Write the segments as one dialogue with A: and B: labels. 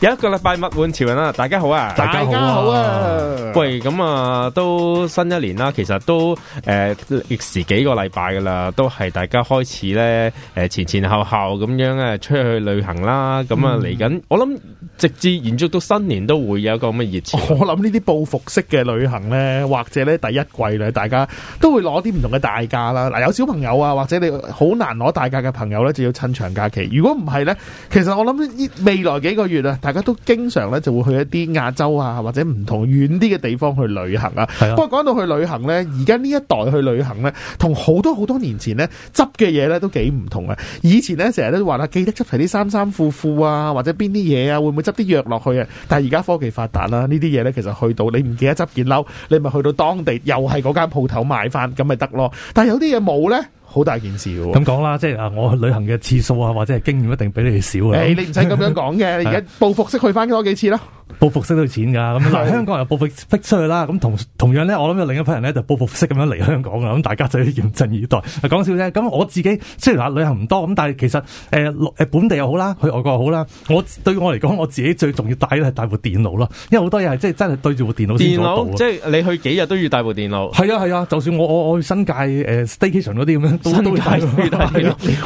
A: 有一個禮拜物玩潮人啦，大家好啊，大家好啊，喂，咁啊都新一年啦，其實都誒、呃、歷時幾個禮拜噶啦，都係大家開始咧誒前前後後咁樣咧出去旅行啦，咁啊嚟緊、嗯，我
B: 諗直至延續到新年都會有一個咁嘅熱潮。我諗呢啲報復式嘅旅行咧，或者咧第一季咧，大家都會攞啲唔同嘅大假啦。嗱，有小朋友啊，或者你好難攞大假嘅朋友咧，就要趁長假期。如果唔係咧，其實我諗未來幾個月啊。大家都經常咧就會去一啲亞洲啊，或者唔同遠啲嘅地方去旅行啊。不過講到去旅行呢，而家呢一代去旅行呢，同好多好多年前呢執嘅嘢呢都幾唔同啊。以前呢成日都話啊，記得執齊啲衫衫褲褲啊，或者邊啲嘢啊，會唔會執啲藥落去啊？但係而家科技發達啦，呢啲嘢呢其實去到你唔記得執件褸，你咪去到當地又係嗰間鋪頭買翻，咁咪得咯。但係有啲嘢冇呢。好大件事喎，
C: 哦！咁講啦，即係啊，我旅行嘅次數啊，或者係經驗一定比你哋少嘅。誒，欸，你唔使咁樣
B: 講嘅，你而家 報復式去翻多，多幾次啦
C: 報復式到錢噶咁，嗱，香港人報復式出去啦。咁同同樣咧，我諗另一批人咧就是，報復式咁樣嚟香港噶。咁大家就要嚴陣以待。講笑啫。咁我自己雖然話旅行唔多咁，但係其實誒誒、呃、本地又好啦，去外國又好啦。我對我嚟講，我自己最重要帶嘅係帶部電腦咯。因為好多嘢即係真係對住部電腦先做到即係，
A: 就是，你去幾日都要帶部電腦。
C: 係啊係啊，就算我我我去新界誒、呃、staycation 嗰啲咁樣，都要界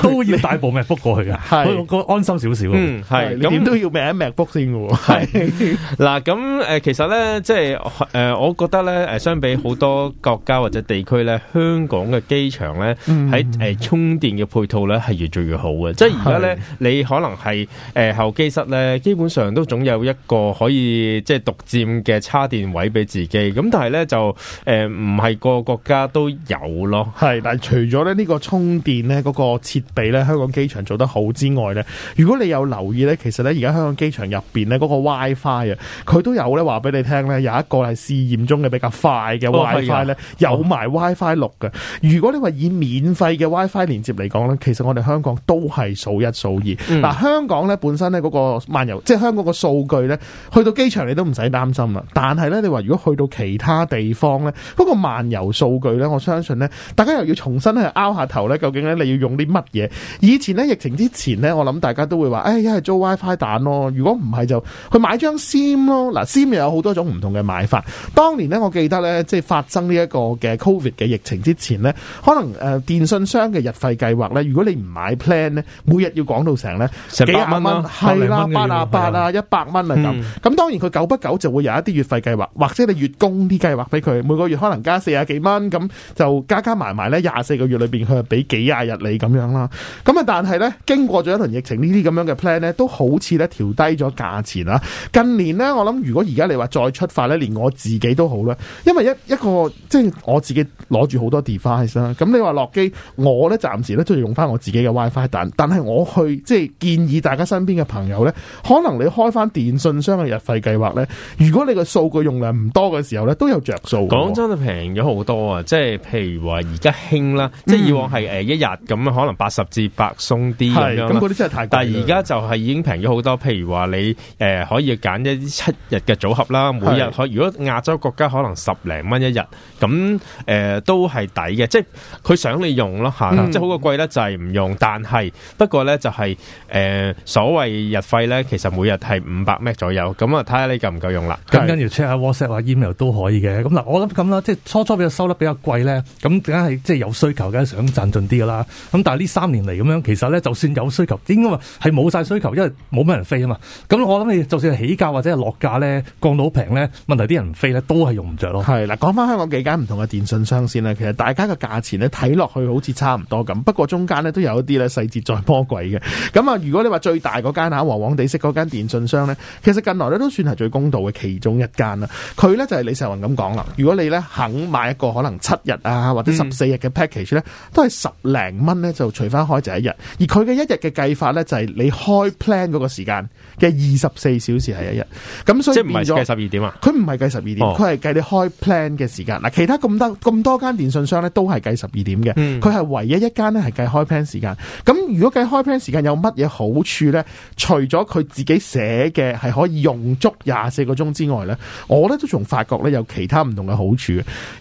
C: 都要
A: 帶會部,會部 MacBook 過去噶。是安心少少。嗯，係。咁都
B: 要孭 MacBook 先噶。係。
A: 嗱咁誒，其實咧，即係誒，我覺得咧，誒，相比好多國家或者地區咧，香港嘅機場咧，喺誒充電嘅配套咧，係越做越好嘅。即係而家咧，你可能係誒候機室咧，基本上都總有一個可以即係獨占嘅插電位俾自己。咁但係咧
B: 就誒唔係個個國家都有咯。係，但係除咗咧呢個充電咧嗰個設備咧，香港機場做得好之外咧，如果你有留意咧，其實咧而家香港機場入邊咧嗰個 WiFi。Fi 佢都有咧，話俾你聽咧，有一個係試驗中嘅比較快嘅 WiFi 咧，Fi, 哦嗯、有埋 WiFi 六嘅。如果你話以免費嘅 WiFi 連接嚟講咧，其實我哋香港都係數一數二。嗱、嗯，香港咧本身咧嗰個漫遊，即係香港個數據咧，去到機場你都唔使擔心啦。但係咧，你話如果去到其他地方咧，嗰、那個漫遊數據咧，我相信咧，大家又要重新去拗下頭咧，究竟咧你要用啲乜嘢？以前咧疫情之前咧，我諗大家都會話，誒、哎，一係租 WiFi 蛋咯，如果唔係就去買張。c 咯，嗱尖、啊啊、有好多種唔同嘅買法。當年咧，我記得咧，即係發生呢一個嘅 COVID 嘅疫情之前咧，可能誒、呃、電信商嘅日費計劃咧，如果你唔買 plan 咧，每日要講到成咧，成幾十蚊係啦，八啊八、嗯嗯、啊，一百蚊啊咁。咁當然佢久不久就會有一啲月費計劃，或者你月供啲計劃俾佢，每個月可能加四十幾蚊，咁就加加埋埋咧，廿四個月裏邊佢就俾幾廿日你咁樣啦。咁啊，但係咧經過咗一輪疫情，這這呢啲咁樣嘅 plan 咧都好似咧調低咗價錢啦，跟。連咧，我諗如果而家你話再出發咧，連我自己都好啦，因為一一個即係我自己攞住好多 device 啦。咁你話落機，我咧暫時咧都要用翻我自己嘅 WiFi。但但係我去即係建議大家身邊嘅朋友咧，可能你開翻電信商嘅日費計劃咧，如果你嘅數據用量唔多嘅時候咧，都有着數。講真啊，平咗好多啊！即係譬如話而家興啦，嗯、即係以往係誒一日咁
A: 可能八十至百鬆啲咁嗰啲真係太但係而家就係已經平咗好多。譬如話你誒可以揀。七日嘅組合啦，每日可是如果亞洲國家可能十零蚊一日，咁誒、呃、都係抵嘅，即係佢想你用咯嚇，嗯、即係好過貴咧就係、是、唔用，但係不過咧就係、是、誒、呃、所謂日費咧，其實每日係五百 MB 左右，咁啊，睇下你夠唔夠用啦。咁
C: 跟住 check 下 WhatsApp 啊、email 都可以嘅。咁嗱，我諗咁啦，即係初初比較收得比較貴咧，咁梗係即係有需求，梗係想賺盡啲嘅啦。咁但係呢三年嚟咁樣，其實咧就算有需求，應該話係冇晒需求，因為冇咩人飛啊嘛。咁我諗你就算係起價。或者係落價咧，降到好平咧，問題啲人飛咧都係用唔着咯。係啦，講
B: 翻香港幾間唔同嘅電信商先啦，其實大家嘅價錢咧睇落去好似差唔多咁，不過中間咧都有一啲咧細節再魔鬼嘅。咁啊，如果你話最大嗰間啊，黃黃地色嗰間電信商咧，其實近來咧都算係最公道嘅其中一間啦。佢咧就係李世雲咁講啦，如果你咧肯買一個可能七日啊或者、嗯、十四日嘅 package 咧，都係十零蚊咧就除翻開就一日。而佢嘅一日嘅計法咧就係你開 plan 嗰個時間嘅二十四小時係一日。咁、啊、所以唔係計十二點啊，佢唔係計十二點，佢係計你開 plan 嘅時間。嗱，其、mm. 他咁多咁多間電信商咧，都係計十二點嘅。佢係唯一一間咧係計開 plan 時間。咁如果計開 plan 時間有乜嘢好處咧？除咗佢自己寫嘅係可以用足廿四個鐘之外咧，我咧都仲發覺咧有其他唔同嘅好處。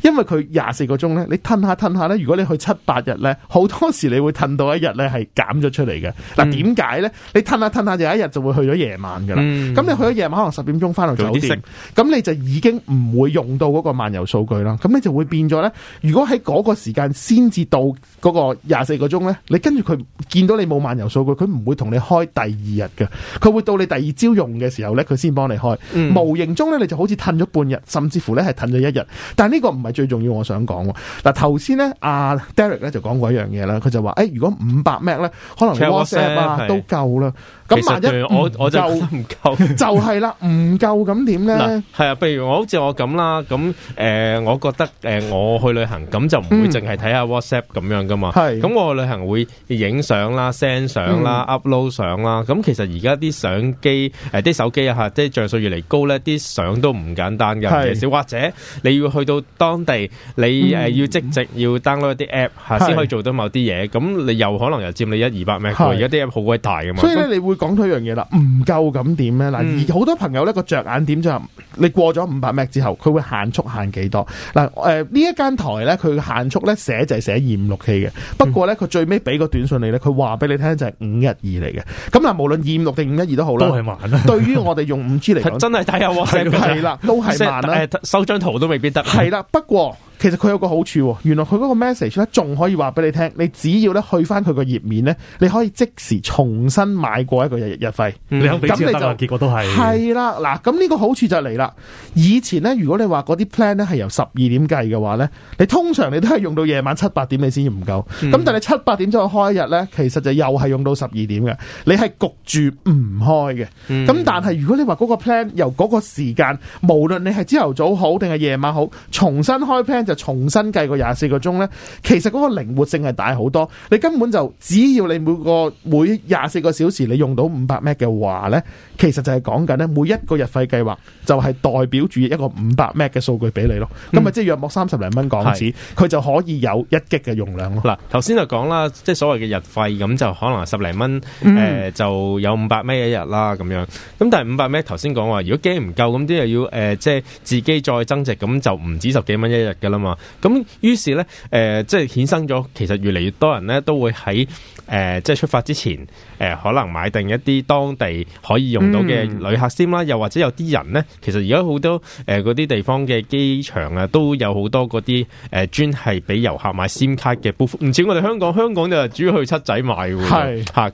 B: 因為佢廿四個鐘咧，你褪下褪下咧，如果你去七八日咧，好多時你會褪到一日咧係減咗出嚟嘅。嗱，點解咧？你褪下褪下就有一日就會去咗夜晚噶啦。咁你去咗夜晚。可能十點鐘返到酒店，咁你就已經唔會用到嗰個漫遊數據啦。咁你就會變咗咧。如果喺嗰個時間先至到嗰個廿四個鐘咧，你跟住佢見到你冇漫遊數據，佢唔會同你開第二日嘅。佢會到你第二朝用嘅時候咧，佢先幫你開。無形、嗯、中咧，你就好似褪咗半日，甚至乎咧係褪咗一日。但係呢個唔係最重要，我想講。嗱頭先咧，阿、啊、Derek 咧就講過一樣嘢啦。佢就話：，誒、欸，如果五百 m 咧，可能 WhatsApp 啊的都夠啦。咁，但係我我就唔夠，就係啦，唔夠咁點咧？
A: 係啊，譬如我好似我咁啦，咁誒，我覺得誒，我去旅行咁就唔會淨係睇下 WhatsApp 咁樣噶嘛。係，咁我旅行會影相啦、send 相啦、upload 相啦。咁其實而家啲相機誒，啲手機啊嚇，即係像素越嚟高咧，啲相都唔簡單㗎。係，少或者你要去到當地，你誒要即席要 download 一啲 app 嚇先可以做到某啲嘢。咁你又可能又佔你一二百 MB。而家啲 app 好鬼大㗎嘛。所以咧，你
B: 會。佢講到一樣嘢啦，唔夠咁點咧？嗱，嗯、而好多朋友咧個着眼點就係你過咗五百 m 之後，佢會限速限幾多？嗱、呃，誒呢一間台咧，佢限速咧寫就係寫二五六 K 嘅，不過咧佢、嗯、最尾俾個短信你咧，佢話俾你聽就係五一二嚟嘅。咁嗱，無論二五六定五一二都好啦，都係慢啦。對於我哋用五 G 嚟講，真係睇下係啦，都係慢啦。
A: 收張圖都未必得，係啦、嗯。
B: 不過。其實佢有個好處，原來佢嗰個 message 咧，仲可以話俾你聽。你只要咧去翻佢個頁面咧，你可以即時重新買過一個日日費。咁你就結果都係係啦，嗱咁呢個好處就嚟啦。以前咧，如果你話嗰啲 plan 咧係由十二點計嘅話咧，你通常你都係用到夜晚七八點你先唔夠。咁、嗯、但係七八點再開一日咧，其實就又係用到十二點嘅。你係焗住唔開嘅。咁、嗯、但係如果你話嗰個 plan 由嗰個時間，無論你係朝頭早好定係夜晚好，重新開 plan 就。重新計過廿四個鐘呢，其實嗰個靈活性係大好多。你根本就只要你每個每廿四個小時你用到五百 m b p 嘅話呢，其實就係講緊呢，每一個日費計劃就係代表住一個五百 m b p 嘅數據俾你咯。咁咪即係約莫三十零蚊港紙，佢是就可以有一 G 嘅容量咯。
A: 嗱，頭先就講啦，即係所謂嘅日費咁就可能十零蚊誒就有五百 m 一日啦咁樣。咁但係五百 m b p 頭先講話，如果驚唔夠咁啲又要誒、呃、即係自己再增值，咁就唔止十幾蚊一日嘅。啊嘛，咁於是咧，誒、呃，即係衍生咗，其實越嚟越多人咧都會喺、呃、即係出發之前、呃，可能買定一啲當地可以用到嘅旅客 SIM 啦，嗯、又或者有啲人咧，其實而家好多嗰啲、呃、地方嘅機場啊，都有好多嗰啲誒專係俾遊客買 SIM 卡嘅鋪覆，唔似我哋香港，香港就主要去七仔買喎，咁是、啊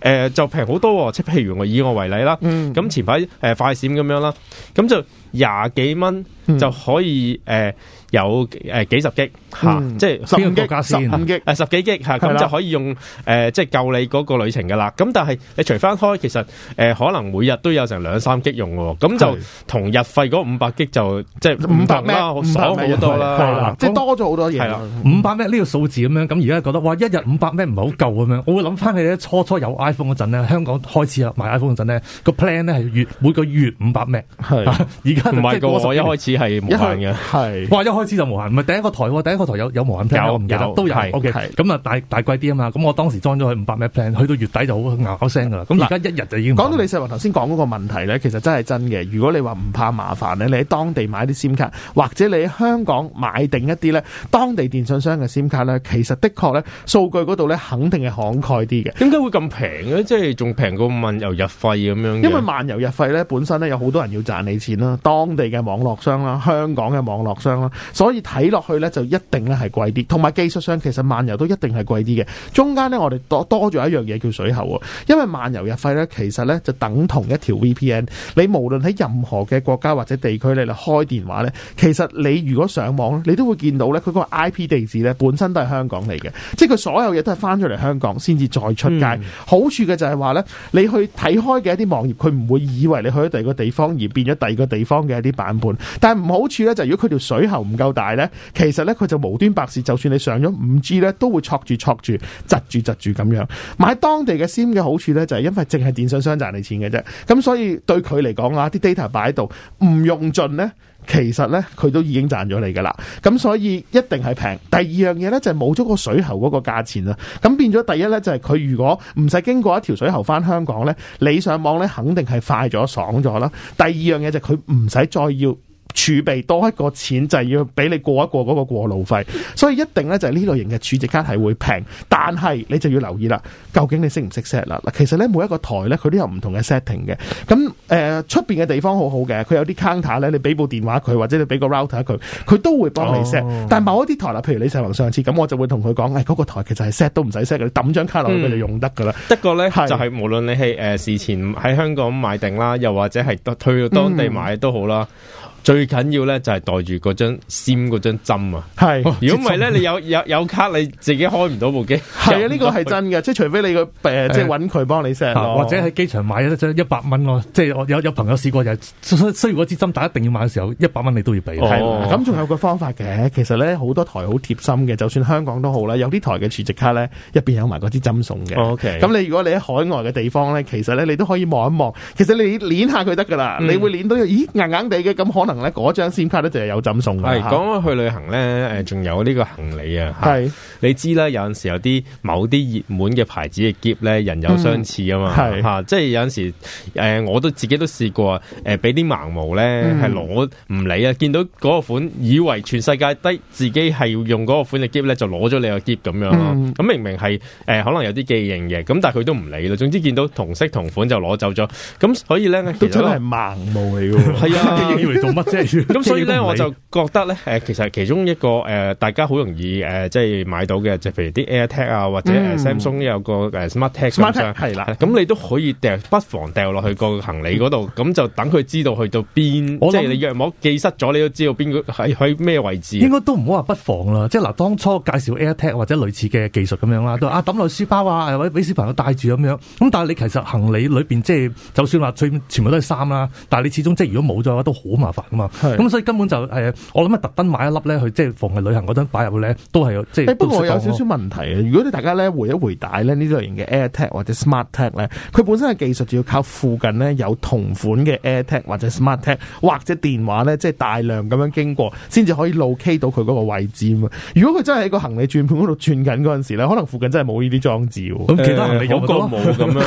A: 呃、就平好多、啊，即係譬如我以我為例啦，咁、嗯、前排、呃、快閃咁樣啦，咁就廿幾蚊就可以、嗯呃有誒、呃、幾十億。吓，即係十五激，十五激，誒，十幾激吓，咁就可以用，誒，即係夠你嗰個旅程噶啦。咁但係，你除翻開，其實誒，可能每日都有成兩三激用嘅，咁就同日費嗰五百激就即係五百蚊，爽好
B: 多啦，即係多咗好多嘢。係啦，五
C: 百蚊呢個數字咁樣，咁而家覺得哇，一日五百蚊唔係好夠咁樣。我會諗翻起初初有 iPhone 嗰陣咧，香港開始啦，買 iPhone 嗰陣咧，個 plan 咧係月，每個月五百蚊。而家唔係，所我一開始係無限嘅，係，哇，一開始就無限，唔係第一個台，第一個。台有有無限 plan 有唔記得都有，有，OK 係咁啊，大大貴啲啊嘛，咁我當時裝咗佢五百咩 plan，去到月底就好牙口聲噶啦。咁而家一日就已經。講到李世雲頭先講嗰個問題
B: 咧，其實真係真嘅。如果你話唔怕麻煩咧，你喺當地買啲 SIM 卡，或者你喺香港買定一啲咧，當地電信商嘅 SIM 卡咧，其實的確咧數據嗰度咧肯定係慷慨啲嘅。點解會咁平
A: 咧？即係仲平過漫遊日費咁樣。因為
B: 漫遊日費咧，本身咧有好多人要賺你錢啦，當地嘅網絡商啦，香港嘅網絡商啦，所以睇落去咧就一。定咧係貴啲，同埋技術上其實漫遊都一定係貴啲嘅。中間呢，我哋多多咗一樣嘢叫水喉喎，因為漫遊入費呢，其實呢就等同一條 VPN。你無論喺任何嘅國家或者地區嚟嚟開電話呢，其實你如果上網你都會見到呢，佢個 IP 地址呢本身都係香港嚟嘅，即係佢所有嘢都係翻咗嚟香港先至再出街。嗯、好處嘅就係話呢，你去睇開嘅一啲網頁，佢唔會以為你去咗第二個地方而變咗第二個地方嘅一啲版本。但係唔好處呢，就係、如果佢條水喉唔夠大呢，其實呢，佢就。無端白事，就算你上咗五 G 咧，都會戳住戳住，窒住窒住咁樣。買當地嘅 SIM 嘅好處咧，就係、是、因為淨係電信商賺你錢嘅啫。咁所以對佢嚟講啊，啲 data 擺喺度，唔用盡咧，其實咧佢都已經賺咗你噶啦。咁所以一定係平。第二樣嘢咧就係冇咗個水喉嗰個價錢啦。咁變咗第一咧就係、是、佢如果唔使經過一條水喉翻香港咧，你上網咧肯定係快咗、爽咗啦。第二樣嘢就係佢唔使再要。儲備多一個錢就係、要俾你過一過嗰個過路費，所以一定咧就係呢類型嘅儲值卡係會平，但係你就要留意啦，究竟你識唔識 set 啦？嗱，其實咧每一個台咧佢都有唔同嘅 setting 嘅，咁誒出面嘅地方好好嘅，佢有啲 counter 咧，你俾部電話佢或者你俾個 router 佢，佢都會幫你 set。Oh. 但某一啲台啦，譬如你上樓上次咁，我就會同佢講，誒、哎、嗰、嗰個台其實係 set 都唔使 set 嘅，抌張卡落去佢、嗯、就用得噶啦。
A: 不過咧就係無論你係、呃、事前喺香港買定啦，又或者係退到當地買都好啦。嗯最緊要咧就係袋住嗰張 SIM 嗰張針啊！係，
C: 如果唔係咧，你有
A: 有有卡，你自己開唔到部機。係啊，呢個係真
B: 嘅，即係除非你個即係揾佢幫你 set，或者喺
C: 機場買一張一百蚊咯，即係我有有朋友試過就需要要支針，但一定要買嘅時候，一百蚊你都要俾。咁仲有個
B: 方法嘅，其實咧好多台好貼心嘅，就算香港都好啦，有啲台嘅儲值卡咧入邊有埋嗰支針送嘅。OK，咁你如果你喺海外嘅地方咧，其實咧你都可以望一望，其實你攣下佢得噶啦，你會攣到咦硬硬地嘅，咁可能。嗰張先卡咧就有枕送嘅。係講
A: 去旅行咧，仲有呢個行李啊。是你知啦，有陣時有啲某啲熱門嘅牌子嘅夾咧，人有相似啊嘛。係嚇、嗯，即係有陣時誒，我都自己都試過誒，俾啲盲模咧係攞唔理啊。見到嗰個款，以為全世界低，自己係要用嗰個款嘅夾咧，就攞咗你個夾咁樣咯。咁明明係可能有啲記認嘅，咁但佢都唔理啦，總之見到同色同款就攞走咗。咁所以咧，其實都係盲
C: 模嚟嘅。係啊， 即係咁所以咧， 就我就
A: 覺得咧，誒，其實其中一個誒，大家好容易誒，即係買到嘅，就譬如啲 AirTag 啊，或者 Samsung 有個誒 SmartTag 咁樣，係啦、嗯，咁你都可以掉，不妨掉落去個行李嗰度，咁 就等佢知道去到邊，想即係你若我寄失咗，你都知道邊個喺喺咩位置。應
C: 該都唔好話不妨啦，即係嗱，當初介紹 AirTag 或者類似嘅技術咁樣啦，都話啊抌落書包啊，或者俾小朋友戴住咁樣。咁但係你其實行李裏邊，即係就算話最全部都係衫啦，但係你始終即係如果冇咗嘅話，都好麻煩。咁是所以根本就係，我諗啊，特登買一粒咧，去即係逢係旅行嗰陣擺入去咧，都係有即係。不過有少少問題啊！嗯、如果你大家咧回一回帶
B: 咧呢類型嘅 AirTag 或者 SmartTag 咧，佢本身嘅技術就要靠附近咧有同款嘅 AirTag 或者 SmartTag 或者電話咧，即係大量咁樣經過，先至可以 locate 到佢嗰個位置啊嘛。如果佢真係喺個行李轉盤嗰度轉緊嗰陣時咧，可能附近真係冇呢啲裝置。咁、欸、其他人係有個冇咁樣、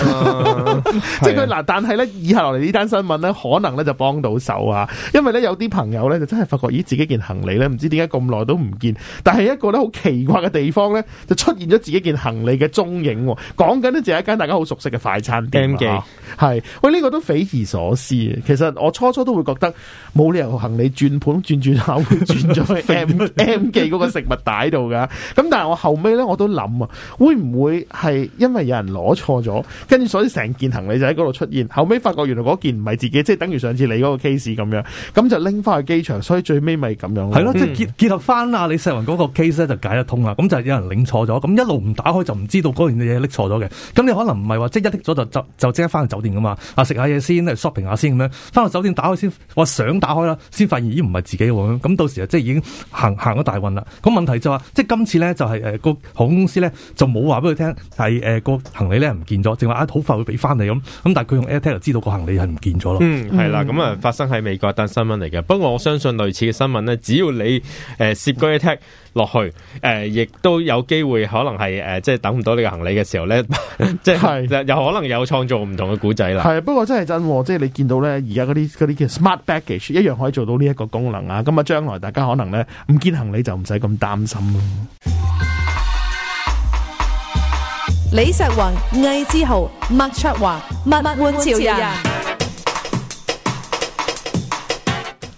B: 啊？即係佢嗱，但係咧，以下落嚟呢單新聞咧，可能咧就幫到手啊，因為有啲朋友咧就真係發覺，咦，自己件行李咧唔知點解咁耐都唔見，但係一個咧好奇怪嘅地方咧，就出現咗自己件行李嘅蹤影。講緊呢，就係一間大家好熟悉嘅快餐店，M 記係。喂，呢個都匪夷所思。其實我初初都會覺得冇理由行李轉盤轉轉下會轉咗去 M M 記嗰個食物袋度噶。咁但係我後尾咧我都諗啊，會唔會係因為有人攞錯咗，跟住所以成件行李就喺嗰度出現？後尾發覺原來嗰件唔係自己，
C: 即係等於上次你嗰個 case 咁樣。咁就拎翻去機場，所以最尾咪咁樣咯。係咯，即係結結合翻啊，李石雲嗰個 case 咧，就解得通啦。咁就有人拎錯咗，咁一路唔打開就唔知道嗰樣嘢拎錯咗嘅。咁你可能唔係話即係一拎咗就就即刻翻去酒店噶嘛？啊食下嘢先，shopping 下先咁樣，翻去酒店打開先，話想打開啦，先發現咦唔係自己喎。咁到時啊，即係已經行行咗大運啦。咁問題就話、是、即係今次咧就係、是、誒、呃那個航空公司咧就冇話俾佢聽係誒個行李咧唔見咗，淨話啊好快會俾翻你咁。咁但係佢用 AirTag 知道個行李係唔見咗咯、嗯。嗯，係啦，咁啊
A: 發生喺美國，嚟嘅，不過我相信類似嘅新聞咧，只要你誒攝、呃、一 take 落去，誒、呃、亦都有機會可能係誒、呃、即係等唔到呢個行李嘅時候咧， 即係是又可能有創造唔同嘅古仔啦。係，
B: 不過真係真，即係你見到咧而家嗰啲啲叫 smart baggage 一樣可以做到呢一個功能啊！咁啊將來大家可能咧唔見行李就唔使咁擔心咯、啊。
C: 李石雲、魏之豪、麥卓華、麥麥換潮人。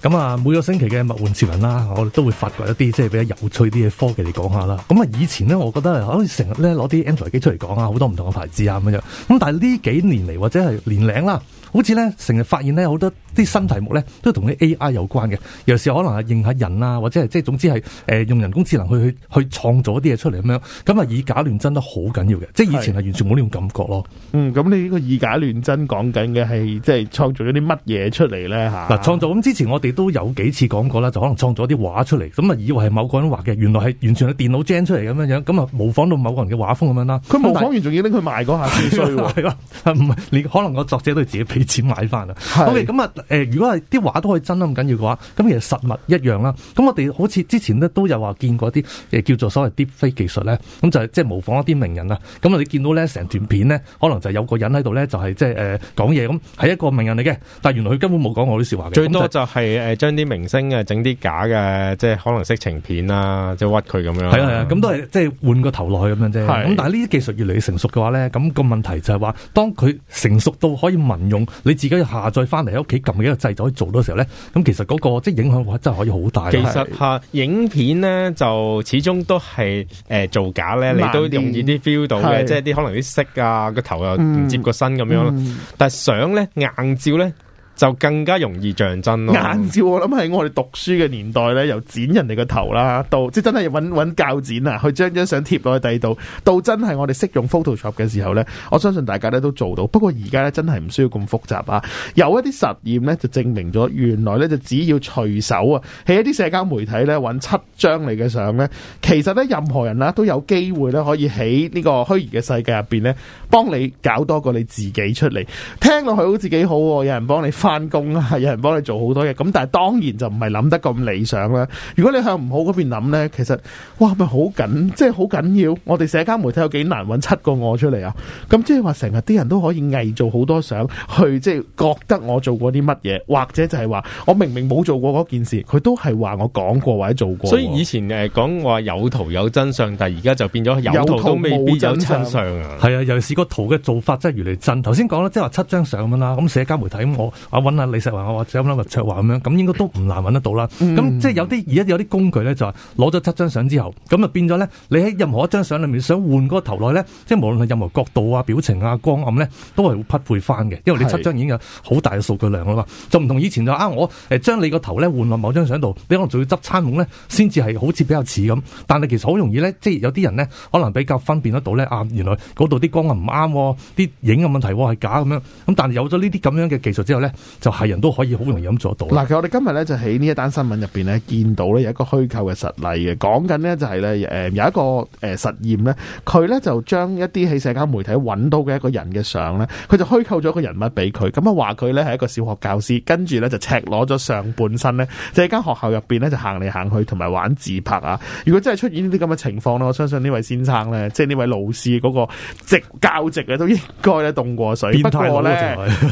C: 咁啊，每個星期嘅物玩潮人啦，我哋都會發掘一啲即係比較有趣啲嘅科技嚟講下啦。咁啊，以前咧，我覺得係好似成日咧攞啲 Android 機出嚟講啊，好多唔同嘅牌子啊咁樣。咁但係呢幾年嚟或者係年齡啦，好似咧成日發現咧好多啲新題目咧都同啲 AI 有關嘅，尤其是可能係認下人啊，或者係即係總之係用人工智能去去去創造一啲嘢出嚟咁樣。咁啊，以假亂真都好緊要嘅，即係以前係完全冇呢種感覺咯。嗯，咁你呢個以假亂真講緊嘅係即係創造咗啲乜嘢出嚟咧吓？嗱，啊、創造咁之前我哋，亦都有幾次講過啦，就可能創咗啲畫出嚟，咁啊，以為係某個人畫嘅，原來係完全係電腦 gen 出嚟咁樣樣，咁啊，模仿到某個人嘅畫風咁樣啦。佢模仿完仲是要拎佢賣嗰下，所以話唔係你可能個作者都係自己俾錢買翻啊。是 OK，咁啊，誒，如果係啲畫都可以真咁緊要嘅話，咁其實實物一樣啦。咁我哋好似之前咧都有話見過啲誒叫做所謂 deep fake 技術咧，咁就係即係模仿一啲名人啊。咁啊，你見到咧成段片咧，可能就有個人喺度咧，就係即係誒講嘢咁，係一個名人嚟嘅，但係原來佢根本冇講我啲説話嘅，最多
A: 就係、是。誒，將啲明星嘅整啲假嘅，即係可能色情片啊，即係屈佢咁樣。係啊，啊，
C: 咁都係即係換個頭落去咁樣啫。咁但係呢啲技術越嚟越成熟嘅話咧，咁個問題就係話，當佢成熟到可以民用，你自己下載翻嚟喺屋企撳幾個掣就可以做到嘅時候咧，咁其實嗰個即係影響，真係可以好大。其實
A: 吓、啊、影片咧，就始終都係誒、呃、造假咧，占你都容易啲 feel 到嘅，即係啲可能啲色啊個頭又唔接個身咁樣咯。嗯嗯、但係相咧，硬照咧。就更加容易像真咯。硬
B: 照我諗係我哋讀書嘅年代咧，由剪人哋個頭啦，到即真係揾揾鉸剪啊，去將張相貼落去第二度，到真係我哋識用 Photoshop 嘅時候咧，我相信大家咧都做到。不過而家咧真係唔需要咁複雜啊。有一啲實驗咧就證明咗，原來咧就只要隨手啊，喺一啲社交媒體咧揾七張嚟嘅相咧，其實咧任何人啦都有機會咧可以喺呢個虛擬嘅世界入邊咧，幫你搞多個你自己出嚟。聽落去好似幾好，有人幫你翻工啦，係、啊、有人幫你做好多嘢。咁但係當然就唔係諗得咁理想啦。如果你向唔好嗰邊諗咧，其實哇咪好緊，即係好緊要。我哋社交媒體有幾難揾七個我出嚟啊？咁即係話成日啲人都可以偽造好多相，去即係覺得我做過啲乜嘢，或者就係話我明明冇做過嗰件事，佢都係話我講過或者做過。所以以
C: 前誒講話有圖有真相，但係而家就變咗有圖都未必有真相啊。係啊，尤其是個圖嘅做法真係越嚟越真。頭先講啦，即係話七張相咁啦，咁社交媒體咁我。揾下李石華，或者咁啦，卓華咁樣，咁應該都唔難揾得到啦。咁、mm. 即係有啲而家有啲工具咧，就係攞咗七張相之後，咁就變咗咧。你喺任何一張相裡面想換嗰個頭來咧，即係無論係任何角度啊、表情啊、光暗咧，都係會匹配翻嘅。因為你七張已經有好大嘅數據量啦嘛。是就唔同以前就啊，我誒將你個頭咧換落某張相度，你可能仲要執餐碗咧，先至係好似比較似咁。但係其實好容易咧，即係有啲人咧，可能比較分辨得到咧。啊，原來嗰度啲光暗啊唔啱，啲影嘅問題係、啊、假咁樣。咁但係有咗呢啲咁樣嘅技術之後咧。就係人都可以好容易咁做到。
B: 嗱，其實我哋今日咧就喺呢一單新聞入邊咧，見到咧有一個虛構嘅實例嘅，講緊呢就係咧，誒有一個誒實驗咧，佢咧就將一啲喺社交媒體揾到嘅一個人嘅相咧，佢就虛構咗一個人物俾佢，咁啊話佢咧係一個小學教師，跟住咧就赤裸咗上半身咧，就喺間學校入邊咧就行嚟行去，同埋玩自拍啊。如果真係出現呢啲咁嘅情況呢，我相信呢位先生咧，即係呢位老師嗰個直教直呢，都應該咧凍過水。不過咧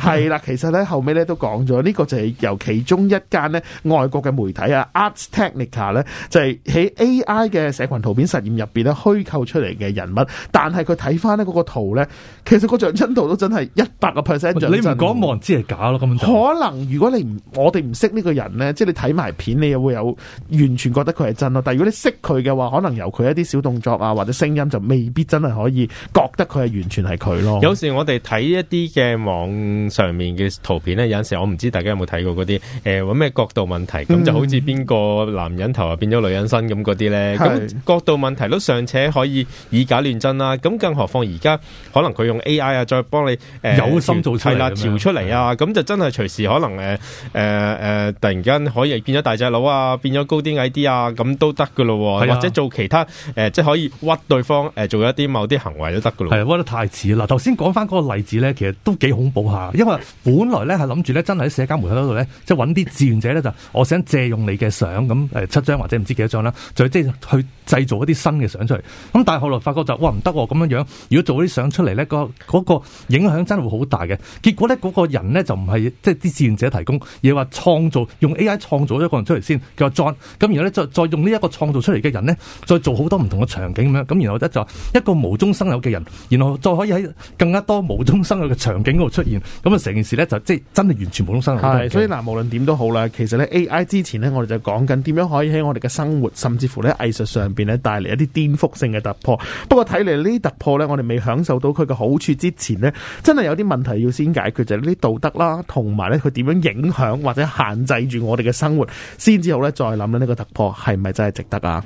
B: 係啦，其實咧後尾都講咗，呢個就係由其中一間呢外國嘅媒體啊，Arts Technica 咧，就係喺 AI 嘅社群圖片實驗入面咧虛構出嚟嘅人物。但係佢睇翻呢個圖咧，其實個像真圖都真係一百個 percent。你唔講一
C: 望知係假咯，咁可
B: 能如果你唔我哋唔識呢個人咧，即係你睇埋片，你又會有完全覺得佢係真咯。但如果你識佢嘅話，可能由佢一啲小動作啊或者聲音，就未必真係可以覺得佢係完全係佢咯。有
A: 時我哋睇一啲嘅網上面嘅圖片咧。有陣時我唔知大家有冇睇過嗰啲誒，搵、呃、咩角度問題咁、嗯、就好似邊個男人頭啊變咗女人身咁嗰啲咧，咁是角度問題都尚且可以以假亂真啦、啊，咁更何況而家可能佢用 AI 啊，再幫你誒、呃、有心做係啦，調出嚟啊，咁麼就真係隨時可能誒誒誒，突然間可以變咗大隻佬啊，變咗高啲矮啲啊，咁都得噶咯，啊、或者做其他誒、呃，即係可以屈對方誒、呃，做一啲某啲行為都得噶咯，係屈、啊、得
C: 太似嗱。頭先講翻嗰個例子咧，其實都幾恐怖下，因為本來咧係諗。諗住咧，真係喺社交媒體嗰度咧，即係揾啲志願者咧，就我想借用你嘅相，咁誒七張或者唔知幾多張啦，就即係去製造一啲新嘅相出嚟。咁但係後來發覺就哇唔得，咁樣樣。如果做啲相出嚟咧，個、那、嗰個影響真係會好大嘅。結果咧，嗰個人咧就唔係即係啲志願者提供，而話創造用 A.I. 創造咗一個人出嚟先，叫 John。咁然後咧再再用呢一個創造出嚟嘅人咧，再做好多唔同嘅場景咁樣。咁然後咧就一個無中生有嘅人，然後再可以喺更加多無中生有嘅場景嗰度出現。咁啊，成件事咧就即係真。 完全冇咁犀利。係，所以
B: 嗱，無論點都好啦，其實咧 AI 之前呢，我哋就講緊點樣可以喺我哋嘅生活，甚至乎咧藝術上邊咧帶嚟一啲顛覆性嘅突破。不過睇嚟呢突破咧，我哋未享受到佢嘅好處之前呢，真係有啲問題要先解決，就係呢啲道德啦，同埋咧佢點樣影響或者限制住我哋嘅生活，先之後咧再諗咧呢個突破係咪真係值得啊？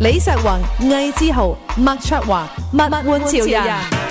C: 李石宏、魏之豪、麥卓華、麥、物玩潮人。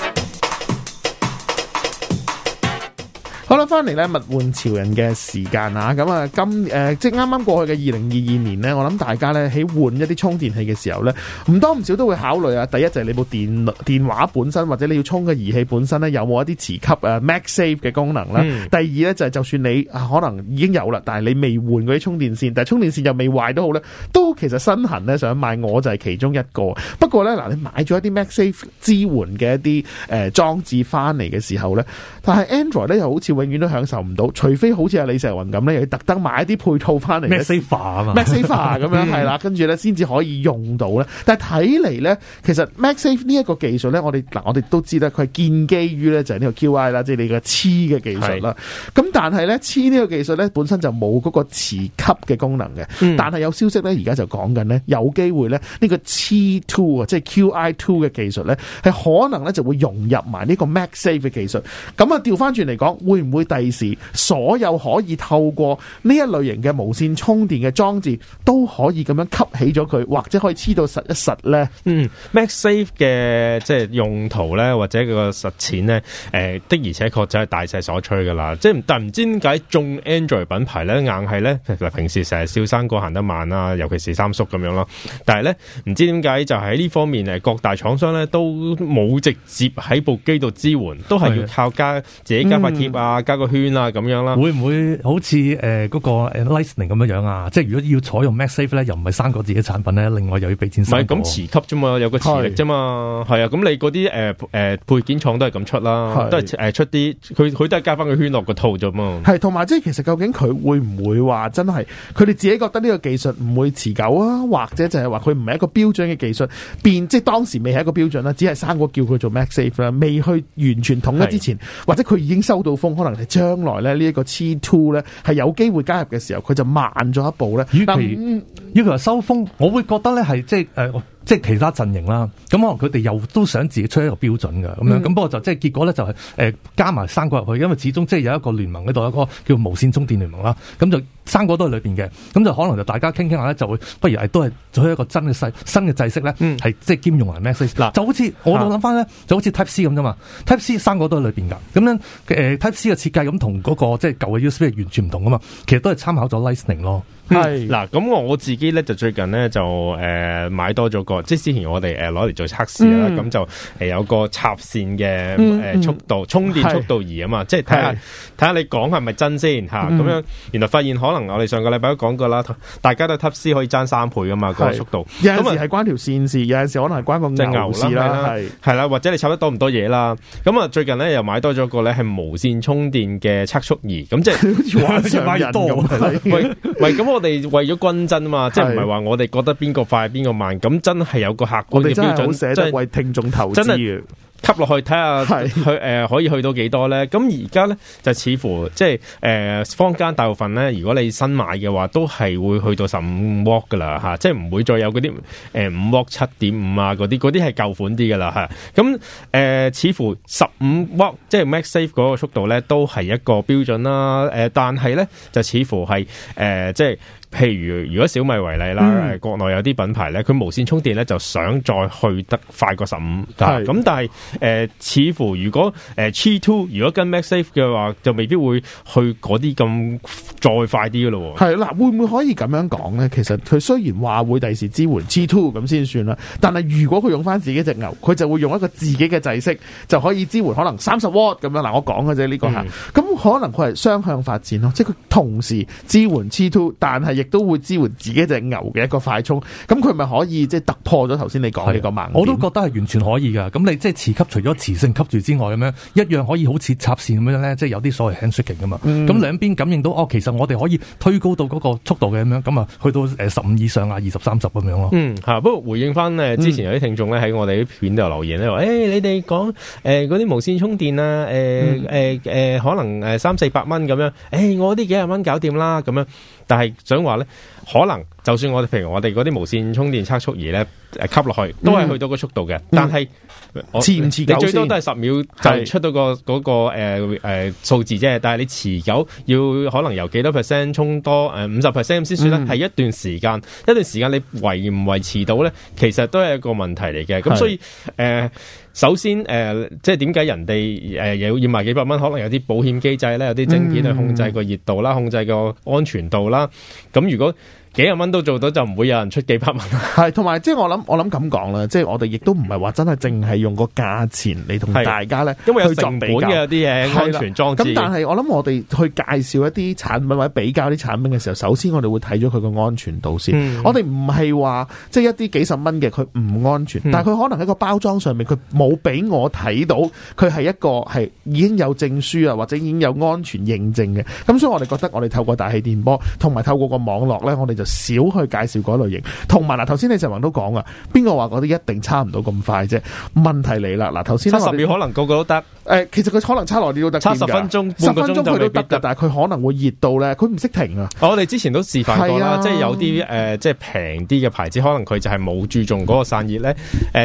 B: 好啦，翻嚟咧物玩潮人嘅時間啊，咁啊今誒、呃、即係啱啱過去嘅二零二二年咧，我諗大家咧喺換一啲充電器嘅時候咧，唔多唔少都會考慮啊。第一就係你部電電話本身或者你要充嘅儀器本身咧，有冇一啲磁吸誒 MagSafe 嘅功能咧？嗯、第二咧就係就算你、啊、可能已經有啦，但係你未換嗰啲充電線，但係充電線又未壞都好咧，都其實身痕咧想買，我就係其中一個。不過咧嗱，你買咗一啲 MagSafe 支援嘅一啲誒裝置翻嚟嘅時候咧，但係 Android 咧又好似。永遠都享受唔到，除非好似阿李石云咁咧，又要特登買啲配套翻嚟。MagSafe 咁樣係啦， 跟住咧先至可以用到咧。但係睇嚟咧，其實 MagSafe 呢一個技術咧，我哋嗱我哋都知得佢係建基於咧就係是呢個 QI 啦，即係你個 Qi 嘅技術啦。咁但係咧 Qi 呢個技術咧本身就冇嗰個磁吸嘅功能嘅。嗯、但係有消息咧而家就講緊咧有機會咧呢個 QI two 啊，即係 QI two 嘅技術咧係可能咧就會融入埋呢個 MagSafe 嘅技術。咁啊調翻轉嚟講會唔會第時所有可以透過呢一類型嘅無線充電嘅裝置都可以咁樣吸起咗佢，或者可以黐到實一實咧。嗯
A: ，MagSafe 嘅即係用途，咧，或者個實踐咧，誒、呃、的而且確就係大勢所趨噶啦。即係但唔知點解中 Android 品牌咧硬係咧，平時成日笑生果行得慢啦，尤其是三叔咁樣咯。但係咧唔知點解就喺、是、呢方面誒，各大廠商咧都冇直接喺部機度支援，都係要靠加自己加塊貼啊。加個圈啊，咁樣啦，會
C: 唔會好似誒嗰個誒、uh, listening 咁樣樣啊？即係如果要採用 MagSafe 咧，又唔係生果自己嘅產品咧，另外又要俾錢、啊。唔係咁遲級啫嘛，有個磁力
A: 啫嘛，係是啊。咁你嗰啲誒誒配件廠都係咁出啦，是都係誒、呃、出啲，佢佢都係加翻個圈落個套啫嘛。
B: 係，同埋即係其實究竟佢會唔會話真係，佢哋自己覺得呢個技術唔會持久啊？或者就係話佢唔係一個標準嘅技術，變即係、就是、當時未係一個標準啦，只係生果叫佢做 MagSafe 啦，未去完全統一之前，是或者佢已經收到風可能將來咧，呢一個 Qi 2咧係有機會加入嘅時候，佢就慢咗一
C: 步咧。但係尤其收風，我會覺得咧係即係誒，即、呃、係其他陣營啦。咁可能佢哋又都想自己出一個標準嘅咁樣。咁不過就即係結果咧就係誒加埋三個入去，因為始終即係有一個聯盟嗰度有一個叫無線充電聯盟啦。咁就。生果都喺裏面嘅，咁就可能就大家傾傾下咧，就會不如係都係做一個真嘅新新嘅制式咧，係即係兼容埋 Mac。嗱就好似我諗翻咧，就好似 Type C 咁啫嘛，Type C 生果都喺裏邊噶，咁呢 Type C 嘅設計咁同嗰個即係舊嘅 USB 係完全唔同㗎嘛，其實都係參考咗 Lightning 咯。
A: 嗱，咁我自己咧就最近咧就誒買多咗個，即係之前我哋誒攞嚟做測試啦，咁就有個插線嘅速度充電速度儀啊嘛，即係睇下睇下你講係咪真先嚇，咁樣原來發現可能。嗯、我哋上個禮拜都講過啦，大家都 Type-C 可以爭三倍㗎嘛，個速度。有陣時
B: 係關條線事，有陣時可能係關個牛市啦，
A: 係係啦，啦，啦，或者你炒得多唔多嘢啦。咁、嗯、啊，最近咧又買多咗個咧係無線充電嘅測速儀，咁即係好似喂咁 我哋為咗均真啊嘛，是的即係唔係話我哋覺得邊個快邊個慢，咁真係有個客觀嘅標準，真係為
B: 聽眾投資
A: 吸落去睇下，看看是去誒、呃、可以去到幾多咧？咁而家咧就似乎即係誒，坊間大部分咧，如果你新買嘅話，都係會去到十五 W 噶啦吓，即係唔會再有嗰啲誒五 W 七點五啊，嗰啲嗰啲係舊款啲噶啦吓。咁、呃、誒，似乎十五 W 即係 MagSafe 嗰個速度咧，都係一個標準啦。誒、呃，但係咧就似乎係誒、呃、即係。譬如如果小米為例啦、呃，國內有啲品牌咧，佢無線充電咧就想再去得快過十五的，咁但係誒、呃、似乎如果誒 Qi 2如果跟 MagSafe
B: 嘅話，就未必會去嗰啲咁再快啲嘅咯。係嗱，會唔會可以咁樣講咧？其實佢雖然話會第時支援 Qi 2咁先算啦，但係如果佢用翻自己隻牛，佢就會用一個自己嘅制式就可以支援可能三十 w 咁樣。嗱，我講嘅啫呢個吓，咁可能佢係雙向發展咯，即係佢同時支援 Qi 2，但係。亦都
C: 會支援自己一隻牛嘅一個快充，咁佢咪可以即係突破咗頭先你講呢個盲？我都覺得係完全可以噶。咁你即係磁吸除咗磁性吸住之外，咁樣一樣可以好似插線咁樣咧，即係有啲所謂 handshaking 噶嘛。咁兩邊感應到哦，其實我哋可以推高到嗰個速度嘅咁樣，咁啊去到誒十五以上啊二十三十咁樣咯。嗯，
A: 吓，不過回應翻之前有啲聽眾咧喺我哋啲片度留言咧話，誒、嗯欸，你哋講誒嗰啲無線充電啊，誒誒誒，可能誒三四百蚊咁樣，誒、欸，我啲幾廿蚊搞掂啦咁樣。但係想話咧，可能就算我哋，譬如我哋嗰啲無線充電測速儀咧，吸落去都係去到個速度嘅。但係你最多都係十秒就出到個嗰個誒誒數字啫。但係你持久要可能由幾多 percent 充多誒五十 percent 先算啦，係一段時間，嗯、一段時間你維唔維持到咧？其實都係一個問題嚟嘅。咁所以誒。是呃首先，誒、呃，即係點解人哋誒、呃、要賣幾百蚊？可能有啲保險機制咧，有啲晶片去控制個熱度啦，嗯、控制個安全度啦。咁如果，幾廿蚊都做到，就唔會有人出幾百蚊。
B: 係同埋即係我諗，我諗咁講啦，即係我哋亦都唔係話真係淨係用個價錢嚟，同大家咧的，因為有成本嘅，啲嘢，安全裝置。咁但係我諗我哋去介紹一啲產品或者比較啲產品嘅時候，首先我哋會睇咗佢個安全度先。嗯、我哋唔係話即係一啲幾十蚊嘅，佢唔安全，嗯、但係佢可能喺個包裝上面，佢冇俾我睇到佢係一個係已經有證書啊或者已經有安全認證嘅。咁所以我哋覺得我哋透過大氣電波同埋透過個網絡呢，我哋就。少去介紹嗰類型，同埋嗱，頭先你就宏都講啊，邊個話嗰啲一定差唔到咁快啫？問題嚟啦，嗱，頭先七十秒可
A: 能個個都得、呃，其實佢可能差耐啲都得，差十分鐘、十分鐘佢都得，但係
B: 佢可能會熱到咧，佢唔識停啊！我哋之前都示範過啦、啊呃，即係有啲
A: 即係平啲嘅牌子，可能佢就係冇注重嗰個散熱咧，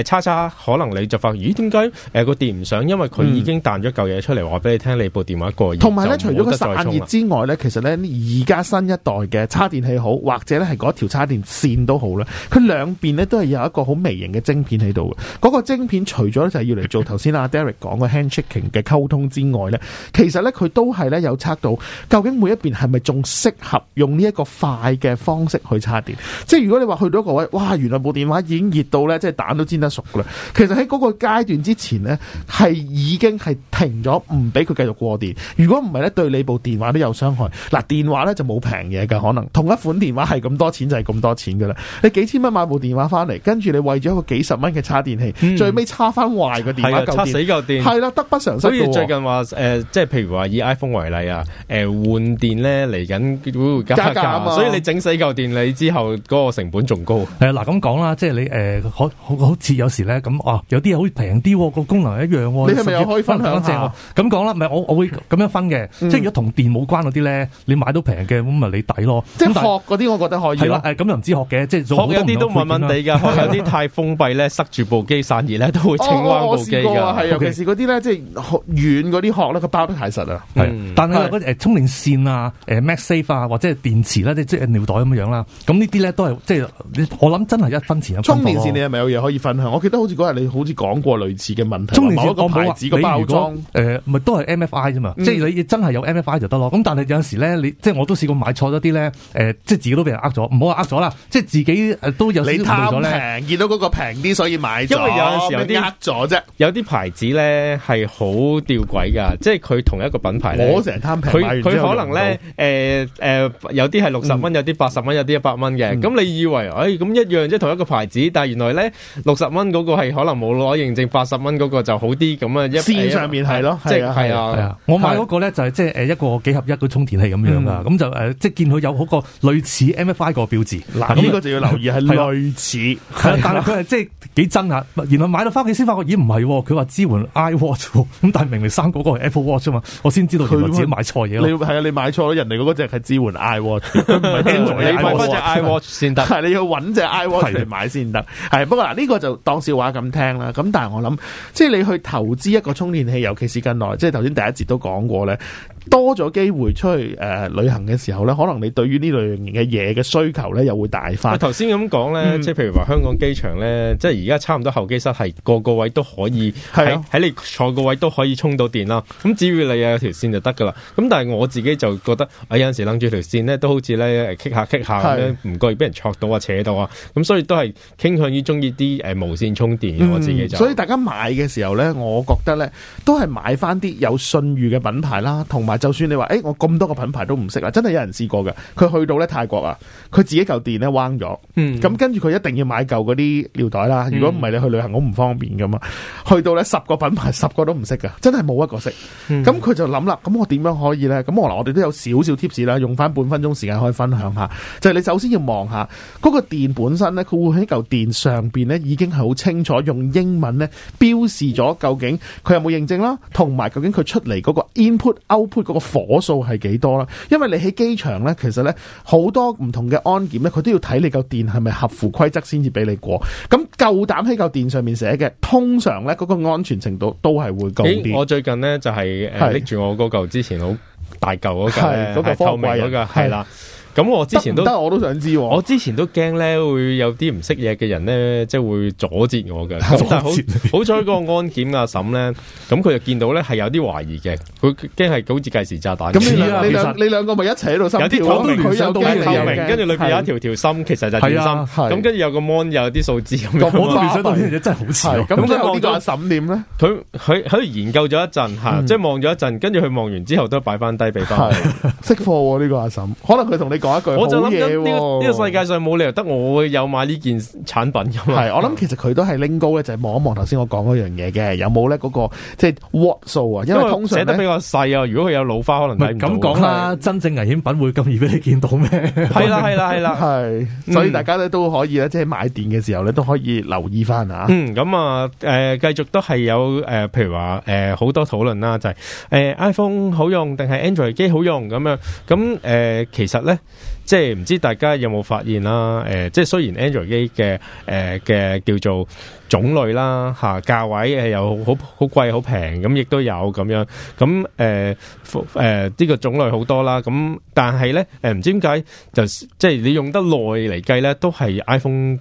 A: 叉、呃、叉，可能你就發現，咦？點解誒個電唔上？因為佢已經彈咗嚿嘢出嚟，話俾、嗯、你聽，你部電話過
B: 熱。同埋咧，除咗個散熱之外咧，嗯、其實咧，而家新一代嘅叉電器好或或者係嗰條插電線都好啦，佢兩邊呢都係有一個好微型嘅晶片喺度嘅。嗰、那個晶片除咗就係要嚟做頭先啊，Derek 講嘅 handshaking 嘅溝通之外呢，其實呢，佢都係呢有測到究竟每一邊係咪仲適合用呢一個快嘅方式去插電。即係如果你話去到嗰個位，哇，原來部電話已經熱到呢，即係蛋都煎得熟噶啦。其實喺嗰個階段之前呢，係已經係停咗，唔俾佢繼續過電。如果唔係呢，對你部電話都有傷害。嗱，電話呢就冇平嘢㗎，可能同一款電話。係咁多錢就係咁多錢噶啦！你幾千蚊買部電話翻嚟，跟住你為咗一個幾十蚊嘅插電器，嗯、最尾插翻壞個電話，嗯、插死舊電係啦，得不償失。所以最近
A: 話誒、呃，即係譬如話以 iPhone 為例啊，誒、呃、換電咧嚟緊加價，加所以你整死舊
C: 電你之後嗰、那個成本仲高。誒嗱咁講啦，即係你誒、呃，好好似有時咧咁啊，有啲嘢好似平啲個功能一樣，你係咪可以分享下？咁講啦，唔係我我會咁樣分嘅，嗯、即係如果同電冇關嗰啲咧，你買都平嘅咁咪你抵咯。即
B: 啲我。但覺得可以啦，
C: 咁又唔知學嘅，即係學一啲都唔係問題㗎，有啲
A: 太封閉咧，塞住部機散
C: 熱咧，都會清部機㗎。尤其是
B: 嗰啲咧，即係軟嗰啲殼呢，個包得太實啊。
C: 但係嗰啲充電線啊，MagSafe 啊，或者係電池啦，即係尿袋咁樣啦。咁呢啲呢，都係即係我諗真係一分錢一分貨。充電線你
B: 係咪有嘢可以分享？我記得好似嗰日
C: 你好似講過類似嘅問題，某一個牌子嘅包裝誒，咪都係 MFI 啫嘛，即係你真係有 MFI 就得咯。咁但係有陣時咧，你即係我都試過買錯咗啲咧，即係自己都呃咗，唔好話呃咗啦，即係自己都有少少誤咗咧。你貪平，見到嗰個平啲，所以買咗。因為有陣時有啲呃
A: 咗啫，有啲牌子咧係好吊詭噶，即係佢同一個品牌。我成日貪平，買完之後佢可能咧，誒誒，有啲係六十蚊，有啲八十蚊，有啲一百蚊嘅。咁你以為，誒咁一樣即係同一個牌子，但係原來咧六十蚊嗰個係可能冇攞認證，八十蚊嗰個就好啲咁啊。線上面係咯，即係係啊，係啊。我買嗰
C: 個咧就係即係誒一個幾合一個充電器咁樣噶，咁就誒即係見佢有嗰個類似。MFi 個標誌嗱，呢個就要留意係類似，但係佢係即係幾真啊？原來買到翻去先發覺，咦唔係？佢話支援 iWatch 咁，但係明明三嗰個係 Apple Watch 嘛，我先知道原來自己買錯嘢。你係
B: 啊，你買錯咗，人哋嗰隻係支援 iWatch，唔係 Apple Watch，你買嗰隻 iWatch 先得，係你要揾隻 iWatch 嚟買先得。係不過嗱，呢個就當笑話咁聽啦。咁但係我諗，即係你去投資一個充電器，尤其是近來，即係頭先第一節都講過咧。多咗機會出去誒、呃、旅行嘅時候咧，可能你對於呢類型嘅嘢嘅需求咧又會大返、啊。頭先咁
A: 講咧，即係譬如話香港機場咧，即係而家差唔多候機室係個個位都可以喺喺是、啊、你坐個位都可以充到電啦。咁至於你有條線就得噶啦。咁但係我自己就覺得，我、啊、有陣時掹住條線咧，都好似咧棘下棘下咁唔覺意俾人戳到啊扯到啊。咁、啊、所以都係傾向於中意啲誒無線充電，我自己就。嗯、所以大
B: 家買嘅時候咧，我覺得咧都係買翻啲有信譽嘅品牌啦，同埋。就算你話誒、欸，我咁多個品牌都唔識啦，真係有人試過嘅。佢去到咧泰國啊，佢自己嚿電咧彎咗，咁、嗯、跟住佢一定要買嚿嗰啲尿袋啦。如果唔係你去旅行好唔方便咁啊。去到咧十個品牌，十個都唔識噶，真係冇一個識。咁佢、嗯、就諗啦，咁我點樣可以咧？咁我嗱，我哋都有少少 tips 啦，用翻半分鐘時間可以分享下。就係、是、你首先要望下嗰個電本身咧，佢會喺嚿電上邊咧已經係好清楚用英文咧標示咗究竟佢有冇認證啦，同埋究竟佢出嚟嗰個 input output。嗰個火數係幾多啦？因為你喺機場咧，其實咧，好多唔同嘅安檢咧，佢都要睇你嚿電係咪合乎規則先至俾你過。咁夠膽喺嚿電上面寫嘅，通常咧嗰個安全程度都係會高啲、欸。我
A: 最近咧就係拎住我嗰嚿之前好大嚿嗰嚿，嗰個透明嗰個係啦。是咁我之前都，得我都想知。我之前都驚咧，會有啲唔識嘢嘅人咧，即係會阻截我嘅。好彩個安檢阿嬸咧，咁佢就見到咧係有啲懷疑嘅，佢驚係好似計時炸彈。咁你兩你
B: 兩個咪一齊喺度心，有啲糖都唔想睇明，跟住裏邊有一
A: 條條心，其實就係心。咁跟住有個 mon 有啲數字咁樣，我都想睇
C: 嘅，真係好似。咁佢望咗阿
A: 嬸點咧？佢佢喺度研究咗一陣，吓，即係望咗一陣，跟住佢望完之後都擺翻低俾翻。
B: 識貨呢個阿嬸，可能佢同你。講一句我就諗緊呢
A: 個世界上冇理由得我會有買呢件產品咁係，我諗
B: 其實佢都係拎高咧，就係望一望頭先我講嗰樣嘢嘅，有冇咧嗰個即係 Watt 數啊？因為通常寫得比
A: 較細啊，如果佢
B: 有老花，可能睇唔到咁講啦，真正危險品會咁易俾你見到咩？係 啦、啊，係啦、啊，係啦、啊，係、啊。所以大家咧都可以咧，即係、嗯、買電嘅時候咧都可以留意翻啊。嗯，
A: 咁啊，誒、呃，繼續都係有誒、呃，譬如話誒好多討論啦，就係、是、誒、呃、iPhone 好用定係 Android 機好用咁樣？咁誒、呃，其實咧。即係唔知大家有冇發現啦？誒、呃，即係雖然 Android 機嘅誒嘅、呃、叫做種類啦吓，價、啊、位係有好好貴好平，咁亦、嗯、都有咁樣，咁誒誒呢個種類好多啦。咁、嗯、但係咧誒，唔、呃、知點解就即係你用得耐嚟計咧，都係 iPhone。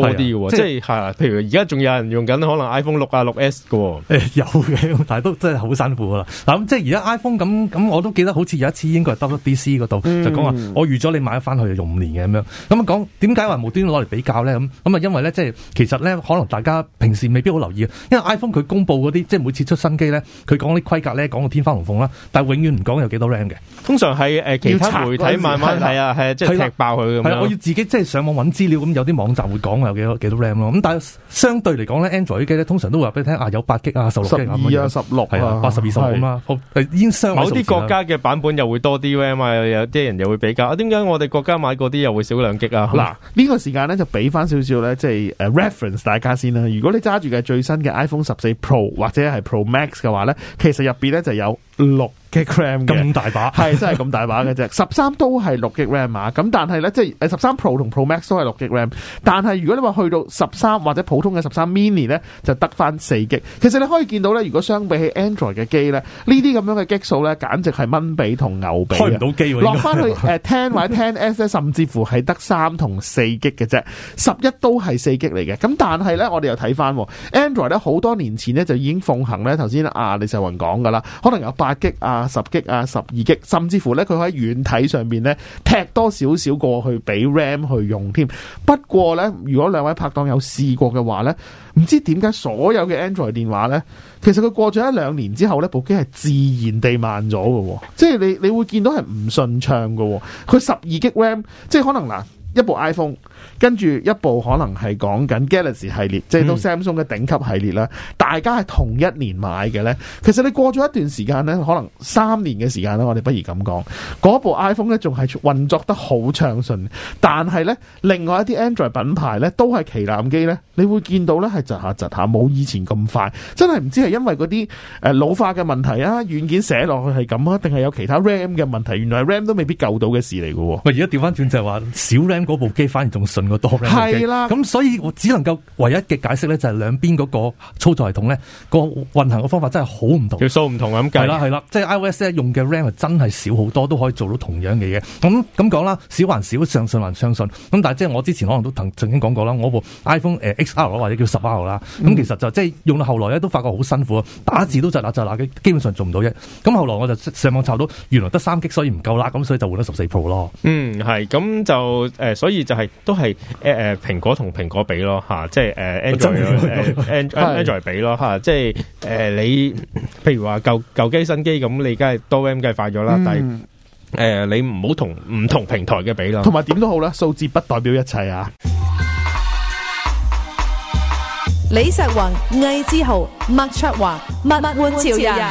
A: 多啲喎，啊、即係是係，譬如而家仲有人用緊可
C: 能 iPhone 六啊六 S 嘅喎、哦哎。有嘅，但係都真係好辛苦啦。嗱咁即係而家 iPhone 咁咁，我都記得好似有一次應該係 WWDC 嗰度就講話，嗯、我預咗你買一翻去用五年嘅咁樣。咁講點解話無端攞嚟比較咧？咁咁啊，因為咧即係其實咧，可能大家平時未必好留意，因為 iPhone 佢公布嗰啲即係每次出新機咧，佢講啲規格咧講到天花龍鳳啦，但永遠唔講有幾多 RAM 嘅。
A: 通常係、呃、其他媒體慢慢睇啊係啊，即係、啊啊就是、踢爆佢、啊、我要
C: 自己即係上網揾資料，咁有啲網站會講。有幾多幾多 RAM 咯？咁但係相對嚟講咧，Android 機咧通常都會話俾你聽啊，有八 G 啊、十六 G 啊、十二啊、十六啊、八十二十咁啦。好，已經某啲國家
A: 嘅版本又會多啲 RAM 啊，有啲人又會比較。點解我哋國家買嗰啲又會少兩 G 啊？嗱，
B: 呢個時間咧就俾翻少少咧，即係誒 reference 大家先啦。如果你揸住嘅最新嘅 iPhone 十四 Pro 或者係 Pro Max 嘅話咧，其實入邊咧就有。六 G RAM 咁大把，係真係咁大把嘅啫。十三都係六 G RAM 啊，咁但係咧，即係誒，十三 Pro 同 Pro Max 都係六 G RAM，但係如果你話去到十三或者普通嘅十三 Mini 咧，就得翻四 G。其實你可以見到咧，如果相比起 Android 嘅機咧，這這機呢啲咁樣嘅激速咧，簡直係蚊比同牛比，開唔到機。落翻去誒 t 或者 t S n S，, 甚至乎係得三同四 G 嘅啫。十一都係四 G 嚟嘅，咁但係咧，我哋又睇翻 Android 咧，好多年前咧就已經奉行咧，頭先阿李世云講噶啦，可能有八 G 啊，十 G 啊，十二 G，甚至乎咧，佢喺軟體上邊咧，踢多少少過去俾 RAM 去用添。不過咧，如果兩位拍檔有試過嘅話咧，唔知點解所有嘅 Android 電話咧，其實佢過咗一兩年之後咧，部機係自然地慢咗嘅，即係你你會見到係唔順暢喎。佢十二 G RAM，即係可能嗱，一部 iPhone。跟住一部可能係講緊 Galaxy 系列，即係都 Samsung 嘅頂級系列啦。嗯、大家係同一年買嘅咧，其實你過咗一段時間咧，可能三年嘅時間咧，我哋不如咁講。嗰部 iPhone 咧仲係運作得好暢順，但係咧另外一啲 Android 品牌咧都係旗艦機咧，你會見到咧係窒下窒下，冇以前咁快，真係唔知係因為嗰啲誒老化嘅問題啊，軟件寫落去係咁啊，
C: 定係有其他 RAM 嘅問題？原來係 RAM 都未必救到嘅事嚟嘅、喂。唔而家調翻轉就係、是、話小 RAM 嗰部機反而仲信個多係啦，咁的所以我只能夠唯一嘅解釋咧，就係、是、兩邊嗰個操作系統咧、那個運行嘅方法真係好唔同，條數唔同咁計啦，係啦，即係 iOS 用嘅 RAM 真係少好多，都可以做到同樣嘅嘢。咁咁講啦，少還少，相信還相信。咁但係即係我之前可能都曾曾經講過啦，我部 iPhone 誒 XR 或者叫十八號啦，咁其實就即係用到後來咧都發覺好辛苦啊，打字都窒啦，基本上做唔到嘢。咁後來我就上網查到，原來得三 G，所以唔夠啦，咁所以就換咗十四 Pro 咯。嗯，
A: 係咁就誒、呃，所以就係、是、都係。係誒誒，蘋、呃、果同蘋果比咯吓、啊，即係誒、呃、Android，Android 比咯吓，啊、的即係誒、呃、你，譬如話舊舊機新機咁，你梗係多 M
B: 計快咗啦，嗯、但係誒、呃、你唔好同唔同平台嘅比啦。同埋點都好啦，數字不代表一切啊！
C: 李石宏、魏之豪、麥卓華、麥麥換潮人，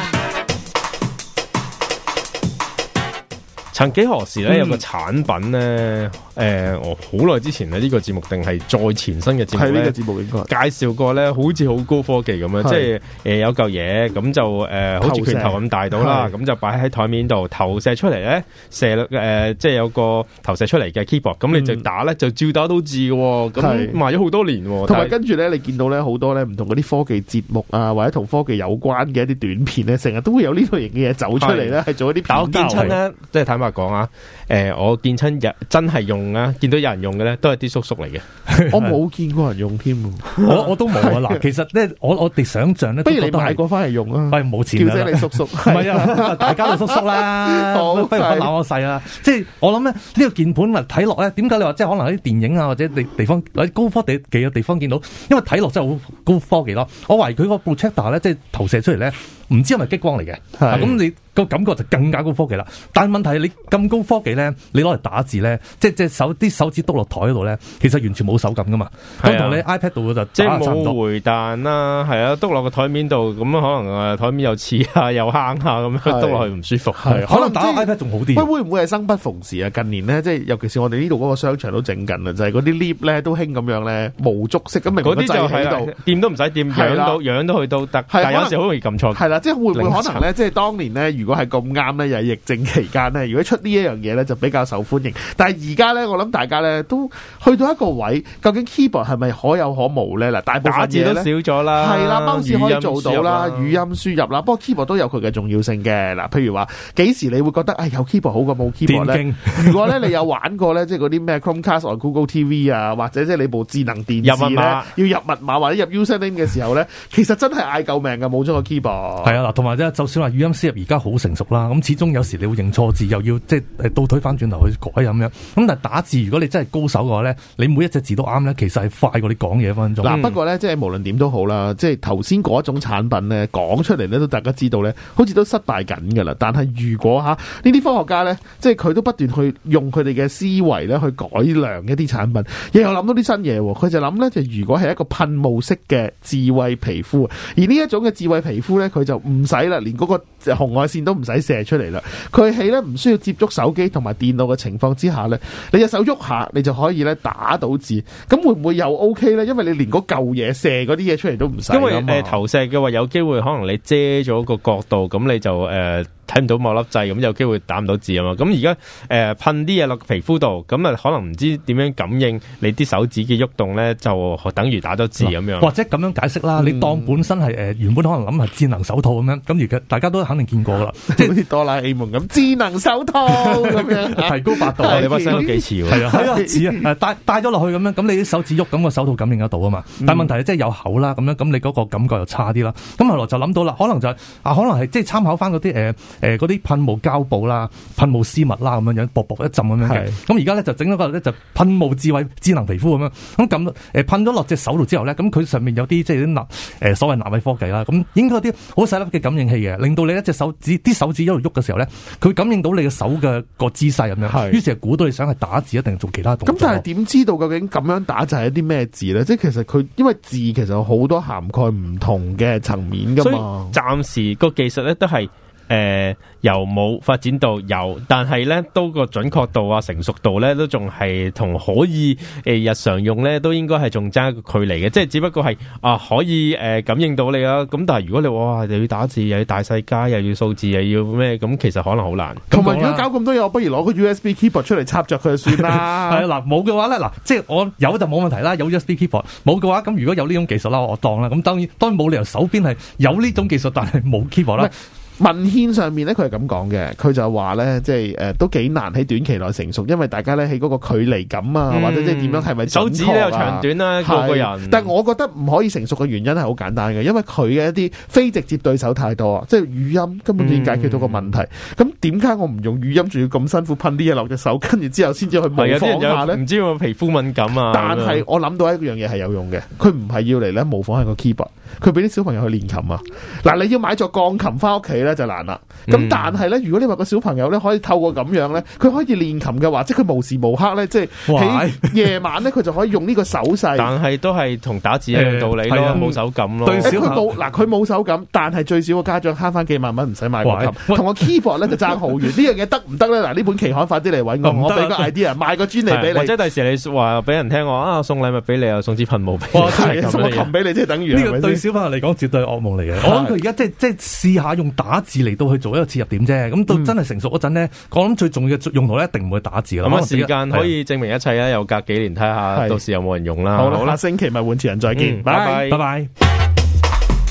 A: 曾幾何時咧，有個產品咧。嗯誒、呃，我好耐之前呢、這個節目定係再前身嘅節目，呢個節目應該介紹過咧，好似好高科技咁樣，是即係、呃、有嚿嘢咁就誒，呃、射好似拳頭咁大到啦，咁是就擺喺台面度投射出嚟咧，射誒、呃、即係有個投射出嚟嘅 keyboard，咁你就打咧、嗯、就照打到字喎，咁賣咗好多年，是但多同埋
B: 跟住咧你見到咧好多咧唔同嗰啲科技節目啊，或者同科技有關嘅一啲短片咧，成日都會有呢類型嘅嘢走出嚟咧，係是做一啲打。我見親咧，
A: 即係是坦白講啊、呃，我見親日真係用。用啊！見到有人
C: 用嘅咧，都係啲叔叔嚟嘅。 我冇
B: 見過人用添，
C: 我我都冇啊！嗱，其實咧，我我哋想象咧，不如你買過翻嚟用啊！喂，冇錢啦，叫聲你叔叔，唔係 啊， 大家都叔叔啦。 好不如我鬧我細啊！即係 我諗咧，呢個鍵盤嚟睇落咧，點解你話即係可能喺電影啊或者地地方喺高科技嘅地方見到，因為睇落真係好高科技咯。我懷疑佢嗰部 c h e t t e r 咧，即係投射出嚟咧。唔知係咪激光嚟嘅？咁你個感覺就更加高科技啦。但係問題你咁高科技咧，你攞嚟打字咧，即係隻手啲手指篤落台度咧，其實完全冇手感噶嘛。咁同你 iPad 度嗰就即係冇回彈啦。
A: 係啊，篤落個台面度，咁可能啊台面又似下又坑下咁，篤落去唔舒服。
B: 係可能打 iPad 仲好啲。喂，會唔會係生不逢時啊？近年咧，即係尤其是我哋呢度嗰個商場都整緊啦，就係嗰啲 lift 咧都興咁樣咧，無足式咁。嗰啲就係
A: 掂都唔使掂，樣
B: 樣都去都得。但有時好容易撳錯。即係會唔會可能咧？即係當年咧，如果係咁啱咧，又係疫症期間咧，如果出呢一樣嘢咧，就比較受歡迎。但係而家咧，我諗大家咧都去到一個位，究竟 keyboard 係咪可有可無咧？嗱，大部分打字都少咗啦，係啦 mouse 可以做到啦，語音輸入啦。不過 keyboard 都有佢嘅重要性嘅。嗱，譬如話幾時你會覺得、哎、有 keyboard 好過冇 keyboard 咧？電競 如果咧 你有玩過咧，即係嗰啲咩 chromecast 或 Google TV 啊，或者即係你部智能電視呢，入碼要入密碼或者入 user name 嘅時候咧， 其實真係嗌救命嘅，冇咗個 keyboard。
C: 係啊，同埋就算話語音輸入而家好成熟啦，咁始終有時你會認錯字，又要即係倒退翻轉頭去改咁樣。咁但係打字如果你真係高手嘅話呢，你每一隻字都啱呢，其實係快過你講嘢分分鐘。嗱、嗯啊，不
B: 過呢，即係無論點都好啦，即係頭先嗰一種產品呢，講出嚟，呢，都大家知道呢，好似都失敗緊噶啦。但係如果吓呢啲科學家呢，即係佢都不斷去用佢哋嘅思維呢去改良一啲產品，又有諗到啲新嘢。佢就諗呢，就如果係一個噴霧式嘅智慧皮膚，而呢一種嘅智慧皮膚呢，佢就唔使啦，連嗰個紅外線都唔使射出嚟啦。佢喺咧唔需要接觸手機同埋電腦嘅情況之下咧，你隻手喐下，你就可以咧打到字。咁會唔會又 OK 咧？因為你連嗰舊嘢射嗰啲嘢出嚟都唔使。因為誒
A: 投、呃、射嘅話，有機會可能你遮咗個角度，咁你就誒。呃睇唔到某粒掣咁，有機會打唔到字啊嘛！咁而家誒噴啲嘢落皮膚度，咁啊可能唔知點樣感應你啲手指嘅喐動咧，就等於打咗字咁樣。或者咁樣
C: 解釋啦，嗯、你當本身係誒、呃、原本可能諗係智能手套咁樣，咁而家大家都肯定見過啦，即係好似哆啦 A 夢咁。
B: 智能手套咁樣 提高八度 你把
C: 聲都幾似喎，係 啊，係啊，似啊，帶帶咗落去咁樣，咁你啲手指喐，咁、個手套感應得到啊嘛。嗯、但問題即係有口啦，咁樣咁你嗰個感覺又差啲啦。咁後來就諗到啦，可能就係、啊，可能係即係參考翻嗰啲誒。呃誒，嗰啲噴霧膠布啦，噴霧絲襪啦，咁樣樣薄薄一浸咁樣嘅。咁而家咧就整咗個咧就噴霧智慧智能皮膚咁樣。咁咁誒噴咗落隻手度之後咧，咁佢上面有啲即係啲誒所謂納米科技啦。咁、嗯、應該啲好細粒嘅感應器嘅，令到你一隻手指啲手指一路喐嘅時候咧，佢感應到你嘅手嘅個姿勢咁樣。係是。於是係估到你想係打字定係做其他動作。咁但
B: 係點知道究竟咁樣打就係一啲咩字咧？即係其實佢因為字其實有好多涵蓋唔同嘅層面噶嘛。所以
A: 暫時個技術咧都係。誒，由冇、呃、發展到有，但係咧，都個準確度啊、成熟度咧，都仲係同可以誒、呃，日常用咧，都應該係仲爭一個距離嘅，即係只不過係啊，可以誒、呃，感應到你啦。咁但係如果你話，又要打字，又要大細楷，又要數字，又要咩，咁其實可能
C: 好難。同埋有，如果搞
B: 咁多嘢，我不如攞個 USB keyboard 出嚟插着佢算啦。 係嗱
C: 冇嘅話咧，嗱，即係我有就冇問題啦，有 USB keyboard。冇嘅話，咁如果有呢種技術啦，我當啦。咁當然，當然冇理由手邊係有呢種技術，但係冇 keyboard 啦。文獻上面咧，佢係咁講嘅，
B: 佢就話咧，即係誒、呃、都幾難喺短期內成熟，因為大家咧喺嗰個距離感啊，嗯、或者即係點樣係咪、啊、手指都有長短啦、啊，係，個個人。但係我覺得唔可以成熟嘅原因係好簡單嘅，因為佢嘅一啲非直接對手太多啊，即係語音根本點解決到個問題？咁點解我唔用語音，仲要咁辛苦噴啲嘢落隻手，跟住之後先至去模仿一下咧？
A: 唔知我皮膚
B: 敏感啊？但係我諗到一樣嘢係有用嘅，佢唔係要嚟咧模仿係個 keyboard，佢俾啲小朋友去練琴啊。嗱、啊，你要買咗鋼琴翻屋企。就難啦，咁但係咧，如果你話個小朋友咧可以透過咁樣咧，佢可以練琴嘅話，即係佢無時無刻咧，即係喺夜晚咧，佢就可以用呢個手勢。但
A: 係都係同打字一樣道理咯，冇手感咯。對佢冇
B: 嗱，佢冇手感，但係最少個家長慳翻幾萬蚊，唔使買鋼琴，同個 keyboard 咧就爭好遠。呢樣嘢得唔得咧？嗱，呢本期刊快啲嚟搵我，我俾個 idea，賣個專利俾你，或
A: 者第時你話俾人聽我啊，送禮物俾你啊，送支噴霧俾你，送個琴俾你，即係等於呢個對小朋友嚟
C: 講絕對係噩夢嚟嘅。我諗佢而家即係即係試下用打。打字嚟到去做一個切入點啫，咁到真係成熟嗰陣咧，我諗、嗯、最重要嘅用途咧一定唔會打字咯。咁時間可以
A: 證明一切啊！又隔幾年睇下，到時有冇人用啦。啊、好啦，好啦，下
C: 星期物玩潮人再見，拜拜拜
A: 拜，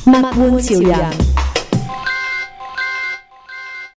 A: 物玩潮人。